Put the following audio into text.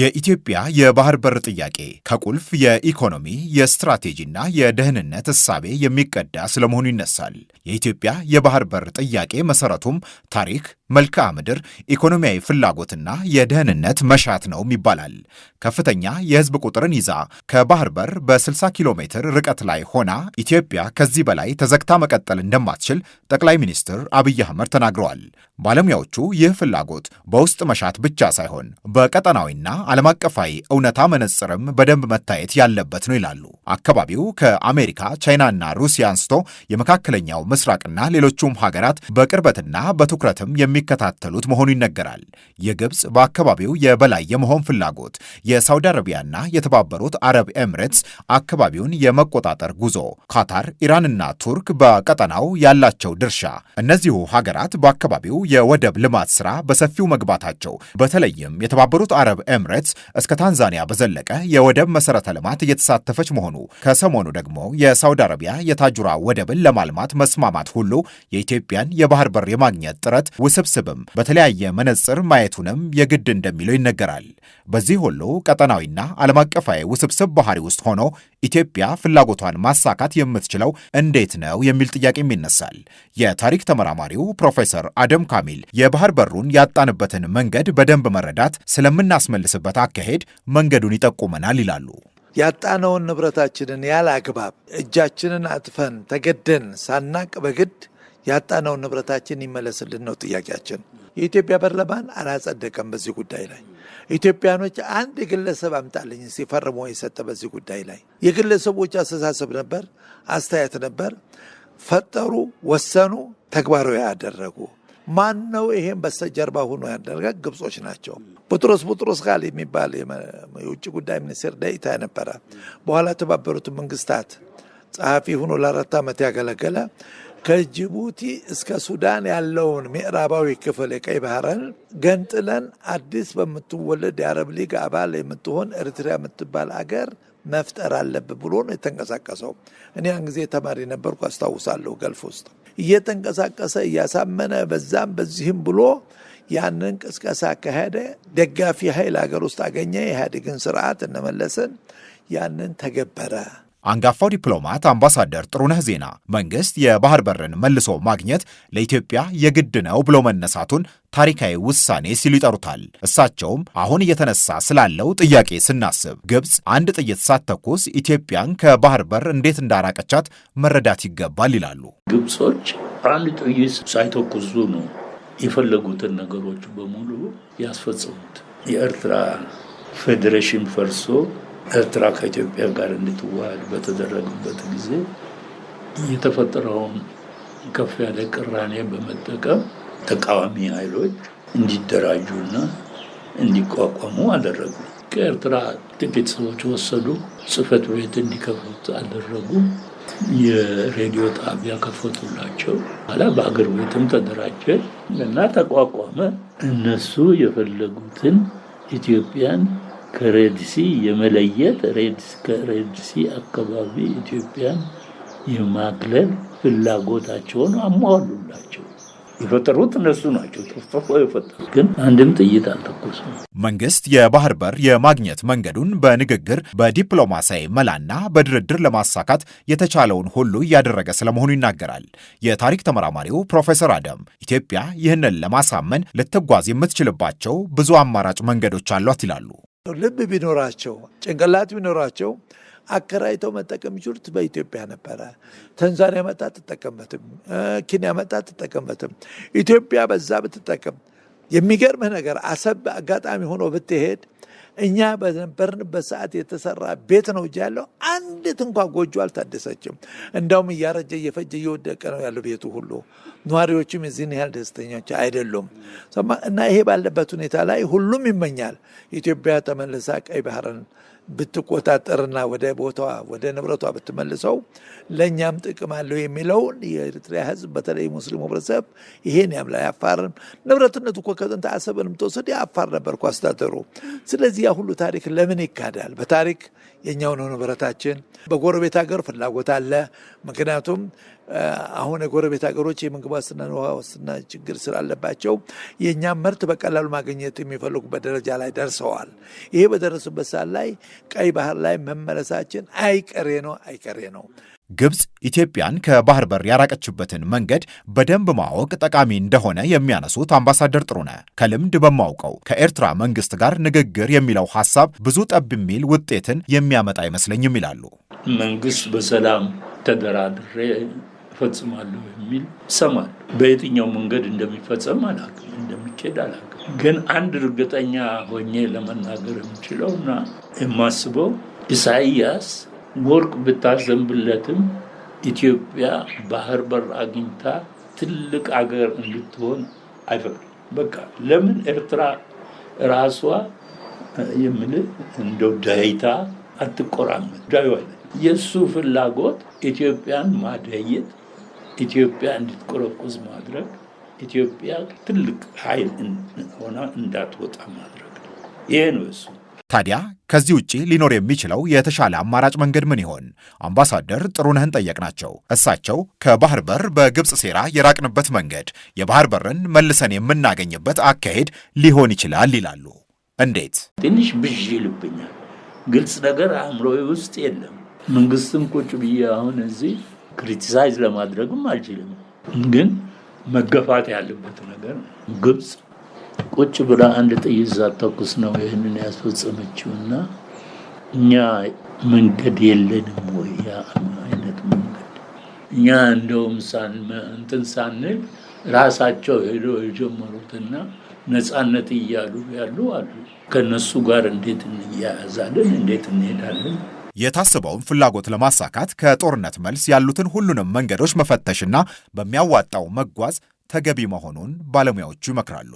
የኢትዮጵያ የባህር በር ጥያቄ ከቁልፍ የኢኮኖሚ የስትራቴጂና የደህንነት እሳቤ የሚቀዳ ስለመሆኑ ይነሳል። የኢትዮጵያ የባህር በር ጥያቄ መሰረቱም ታሪክ፣ መልክዓ ምድር፣ ኢኮኖሚያዊ ፍላጎትና የደህንነት መሻት ነውም ይባላል። ከፍተኛ የህዝብ ቁጥርን ይዛ ከባህር በር በ60 ኪሎ ሜትር ርቀት ላይ ሆና ኢትዮጵያ ከዚህ በላይ ተዘግታ መቀጠል እንደማትችል ጠቅላይ ሚኒስትር አብይ አህመድ ተናግረዋል። ባለሙያዎቹ ይህ ፍላጎት በውስጥ መሻት ብቻ ሳይሆን በቀጠናዊና ዓለም አቀፋዊ እውነታ መነጽርም በደንብ መታየት ያለበት ነው ይላሉ። አካባቢው ከአሜሪካ ቻይናና ሩሲያ አንስቶ የመካከለኛው ምስራቅና ሌሎቹም ሀገራት በቅርበትና በትኩረትም የሚከታተሉት መሆኑ ይነገራል። የግብፅ በአካባቢው የበላይ የመሆን ፍላጎት፣ የሳውዲ አረቢያና የተባበሩት አረብ ኤምሬትስ አካባቢውን የመቆጣጠር ጉዞ፣ ካታር፣ ኢራንና ቱርክ በቀጠናው ያላቸው ድርሻ፣ እነዚሁ ሀገራት በአካባቢው የወደብ ልማት ስራ በሰፊው መግባታቸው፣ በተለይም የተባበሩት አረብ ኤምሬትስ ህብረት እስከ ታንዛኒያ በዘለቀ የወደብ መሠረተ ልማት እየተሳተፈች መሆኑ፣ ከሰሞኑ ደግሞ የሳውዲ አረቢያ የታጁራ ወደብን ለማልማት መስማማት ሁሉ የኢትዮጵያን የባህር በር የማግኘት ጥረት ውስብስብም በተለያየ መነጽር ማየቱንም የግድ እንደሚለው ይነገራል። በዚህ ሁሉ ቀጠናዊና ዓለም አቀፋዊ ውስብስብ ባህሪ ውስጥ ሆኖ ኢትዮጵያ ፍላጎቷን ማሳካት የምትችለው እንዴት ነው የሚል ጥያቄም ይነሳል። የታሪክ ተመራማሪው ፕሮፌሰር አደም ካሚል የባህር በሩን ያጣንበትን መንገድ በደንብ መረዳት ስለምናስመልስበት አካሄድ መንገዱን ይጠቁመናል ይላሉ። ያጣነውን ንብረታችንን ያለ አግባብ እጃችንን አጥፈን ተገደን ሳናቅ በግድ ያጣነውን ንብረታችን ይመለስልን ነው ጥያቄያችን። የኢትዮጵያ ፓርላማን አላጸደቀም። በዚህ ጉዳይ ላይ ኢትዮጵያኖች አንድ ግለሰብ አምጣልኝ ሲፈርሞ የሰጠ በዚህ ጉዳይ ላይ የግለሰቦች አስተሳሰብ ነበር፣ አስተያየት ነበር። ፈጠሩ፣ ወሰኑ፣ ተግባራዊ ያደረጉ ማን ነው? ይሄን በስተጀርባ ሆኖ ያደረገ ግብጾች ናቸው። ቡጥሮስ ቡጥሮስ ጋል የሚባል የውጭ ጉዳይ ሚኒስቴር ደኢታ ነበረ። በኋላ የተባበሩት መንግስታት ጸሐፊ ሆኖ ለአራት ዓመት ያገለገለ ከጅቡቲ እስከ ሱዳን ያለውን ምዕራባዊ ክፍል የቀይ ባህርን ገንጥለን አዲስ በምትወለድ የአረብ ሊግ አባል የምትሆን ኤርትሪያ የምትባል አገር መፍጠር አለብ ብሎ ነው የተንቀሳቀሰው። እኔ ያን ጊዜ ተማሪ ነበርኩ አስታውሳለሁ። ገልፍ ውስጥ እየተንቀሳቀሰ እያሳመነ በዛም በዚህም ብሎ ያንን ቅስቀሳ አካሄደ። ደጋፊ ኃይል ሀገር ውስጥ አገኘ። ኢህአዴግን ስርዓት እነመለስን ያንን ተገበረ። አንጋፋው ዲፕሎማት አምባሳደር ጥሩነህ ዜና መንግስት የባህር በርን መልሶ ማግኘት ለኢትዮጵያ የግድ ነው ብሎ መነሳቱን ታሪካዊ ውሳኔ ሲሉ ይጠሩታል። እሳቸውም አሁን እየተነሳ ስላለው ጥያቄ ስናስብ ግብፅ አንድ ጥይት ሳትተኩስ ኢትዮጵያን ከባህር በር እንዴት እንዳራቀቻት መረዳት ይገባል ይላሉ። ግብጾች አንድ ጥይት ሳይተኩሱ ነው የፈለጉትን ነገሮች በሙሉ ያስፈጽሙት። የኤርትራ ፌዴሬሽን ፈርሶ ኤርትራ ከኢትዮጵያ ጋር እንድትዋሃድ በተደረገበት ጊዜ የተፈጠረውን ከፍ ያለ ቅራኔ በመጠቀም ተቃዋሚ ኃይሎች እንዲደራጁና እንዲቋቋሙ አደረጉ። ከኤርትራ ጥቂት ሰዎች ወሰዱ። ጽህፈት ቤት እንዲከፍት አደረጉ። የሬዲዮ ጣቢያ ከፈቱላቸው። ኋላ በአገር ቤትም ተደራጀ እና ተቋቋመ። እነሱ የፈለጉትን ኢትዮጵያን ከሬድሲ የመለየት ከሬድሲ አካባቢ ኢትዮጵያን የማግለል ፍላጎታቸውን አሟሉላቸው። የፈጠሩት እነሱ ናቸው። ጠፍጠፎ የፈጠሩት ግን አንድም ጥይት አልተኮሱም። መንግስት የባህር በር የማግኘት መንገዱን በንግግር በዲፕሎማሲያዊ መላና በድርድር ለማሳካት የተቻለውን ሁሉ እያደረገ ስለመሆኑ ይናገራል የታሪክ ተመራማሪው ፕሮፌሰር አደም። ኢትዮጵያ ይህንን ለማሳመን ልትጓዝ የምትችልባቸው ብዙ አማራጭ መንገዶች አሏት ይላሉ። ልብ ቢኖራቸው ጭንቅላት ቢኖራቸው አከራይተው መጠቀም ይችሉት። በኢትዮጵያ ነበረ። ተንዛኒያ መጣ አትጠቀምበትም። ኬንያ መጣ አትጠቀምበትም። ኢትዮጵያ በዛ ብትጠቀም የሚገርምህ ነገር አሰብ አጋጣሚ ሆኖ ብትሄድ እኛ በነበርንበት ሰዓት የተሰራ ቤት ነው እጅ ያለው አንዲት እንኳ ጎጆ አልታደሰችም። እንዳውም እያረጀ እየፈጀ እየወደቀ ነው ያለው ቤቱ ሁሉ። ነዋሪዎችም የዚህን ያህል ደስተኞች አይደሉም። እና ይሄ ባለበት ሁኔታ ላይ ሁሉም ይመኛል ኢትዮጵያ ተመልሳ ቀይ ባህርን ብትቆጣጠርና ወደ ቦታዋ ወደ ንብረቷ ብትመልሰው ለእኛም ጥቅም አለው የሚለውን የኤርትሪያ ህዝብ በተለይ ሙስሊም ህብረተሰብ ይሄን ያምላ። አፋርን ንብረትነቱ እኮ ከጥንት አሰብንም ተወሰድ አፋር ነበር እኮ አስተዳደሩ። ስለዚህ ያ ሁሉ ታሪክ ለምን ይካዳል? በታሪክ የእኛው ነው ንብረታችን። በጎረቤት ሀገር ፍላጎት አለ። ምክንያቱም አሁን የጎረቤት ሀገሮች የምግብ ዋስትና ውሃ ዋስትና ችግር ስላለባቸው የእኛም ምርት በቀላሉ ማግኘት የሚፈልጉበት ደረጃ ላይ ደርሰዋል። ይሄ በደረሱበት ሰዓት ላይ ቀይ ባህር ላይ መመለሳችን አይቀሬ ነው አይቀሬ ነው። ግብፅ ኢትዮጵያን ከባህር በር ያራቀችበትን መንገድ በደንብ ማወቅ ጠቃሚ እንደሆነ የሚያነሱት አምባሳደር ጥሩነ ከልምድ በማውቀው ከኤርትራ መንግስት ጋር ንግግር የሚለው ሀሳብ ብዙ ጠብ የሚል ውጤትን የሚያመጣ አይመስለኝም ይላሉ። መንግስት በሰላም ተደራድሬ እፈጽማለሁ የሚል ይሰማል። በየትኛው መንገድ እንደሚፈጸም አላውቅም፣ እንደሚኬድ አላውቅም። ግን አንድ እርግጠኛ ሆኜ ለመናገር የምችለው እና የማስበው ኢሳይያስ ወርቅ ብታዘንብለትም ኢትዮጵያ ባህር በር አግኝታ ትልቅ አገር እንድትሆን አይፈቅድም። በቃ ለምን ኤርትራ ራሷ የምል እንደው ዳይታ አትቆራመጥ ዳይዋለ የእሱ ፍላጎት ኢትዮጵያን ማደየት ኢትዮጵያ እንድትቆረቁዝ ማድረግ፣ ኢትዮጵያ ትልቅ ኃይል ሆና እንዳትወጣ ማድረግ ነው። ይሄ ነው እሱ። ታዲያ ከዚህ ውጭ ሊኖር የሚችለው የተሻለ አማራጭ መንገድ ምን ይሆን? አምባሳደር ጥሩነህን ጠየቅናቸው። እሳቸው ከባህር በር በግብፅ ሴራ የራቅንበት መንገድ የባህር በርን መልሰን የምናገኝበት አካሄድ ሊሆን ይችላል ይላሉ። እንዴት? ትንሽ ብዥ ይልብኛል። ግልጽ ነገር አእምሮ ውስጥ የለም። መንግስትም ቁጭ ብዬ አሁን እዚህ ክሪቲሳይዝ ለማድረግም አልችልም። ግን መገፋት ያለበት ነገር ግብፅ ቁጭ ብላ አንድ ጥይት ሳትተኩስ ነው ይህንን ያስፈጸመችው እና እኛ መንገድ የለንም ወይ? ያ አይነት መንገድ እኛ እንደውም እንትን ሳንል ራሳቸው ሄዶ የጀመሩትና ነፃነት እያሉ ያሉ አሉ። ከነሱ ጋር እንዴት እንያያዛለን? እንዴት እንሄዳለን? የታሰበውን ፍላጎት ለማሳካት ከጦርነት መልስ ያሉትን ሁሉንም መንገዶች መፈተሽና በሚያዋጣው መጓዝ ተገቢ መሆኑን ባለሙያዎቹ ይመክራሉ።